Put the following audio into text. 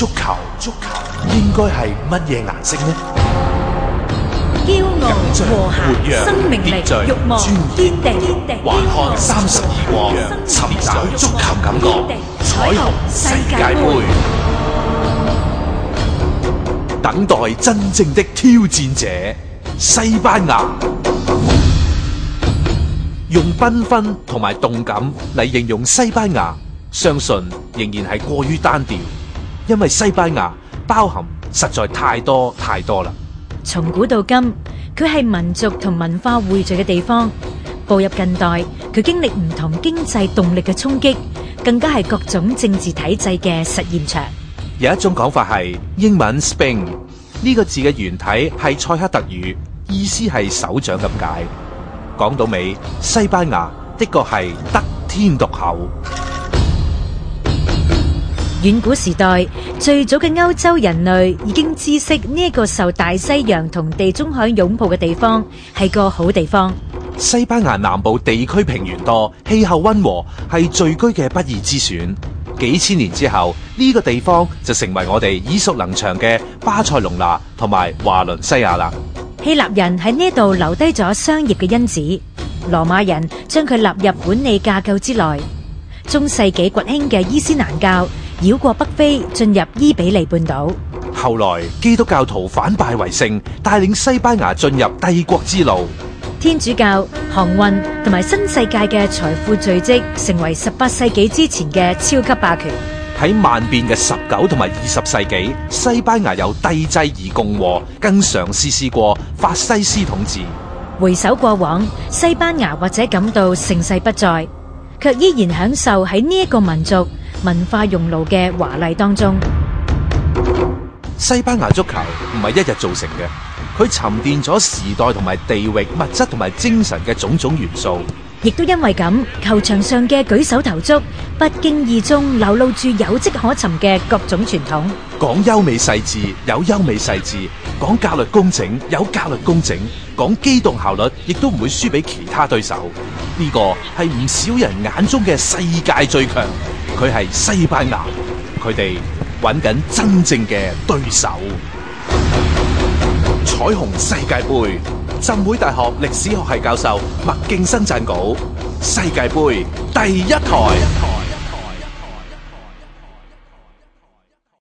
足球，足球應該係乜嘢顏色呢？驕傲、和諧、生命力、欲望、堅定、頑強、三十二個，尋找足球感覺，彩虹世界杯，等待真正的挑戰者——西班牙。用繽紛同埋動感嚟形容西班牙，相信仍然係過於單調。因為西班牙包含實在太多太多了，從古到今，佢係民族同文化匯聚嘅地方。步入近代，佢經歷唔同經濟動力嘅衝擊，更加係各種政治體制嘅實驗場。有一種講法係英文 Spain 呢個字嘅原體係塞克特語，意思係手掌咁解。講到尾，西班牙的確係得天獨厚。遠古時代，最早嘅歐洲人類已經知悉呢個受大西洋同地中海擁抱嘅地方係個好地方。西班牙南部地區平原多，氣候溫和，係聚居嘅不二之選。幾千年之後，呢個地方就成為我哋耳熟能詳嘅巴塞隆拿同埋華倫西亞啦。希臘人喺呢度留低咗商業嘅因子，羅馬人將佢納入管理架構之內，中世紀崛興嘅伊斯蘭教。繞過北非，進入伊比利半島。後來基督教徒反敗為勝，帶領西班牙進入帝國之路。天主教航運同埋新世界嘅財富聚積，成為十八世紀之前嘅超級霸權。喺萬變嘅十九同埋二十世紀，西班牙由帝制而共和，更嘗試試過法西斯統治。回首過往，西班牙或者感到盛世不再，卻依然享受喺呢一個民族。文化熔爐嘅華麗當中，西班牙足球唔係一日造成嘅，佢沉澱咗時代同埋地域、物質同埋精神嘅種種元素，亦都因為咁，球場上嘅舉手投足，不經意中流露住有跡可尋嘅各種傳統。講優美細緻有優美細緻，講格律工整有格律工整，講機動效率亦都唔會輸俾其他對手。呢個係唔少人眼中嘅世界最強。佢係西班牙，佢哋揾緊真正嘅對手。彩虹世界杯，浸會大學歷史學系教授麥敬生撰稿。世界杯第一台。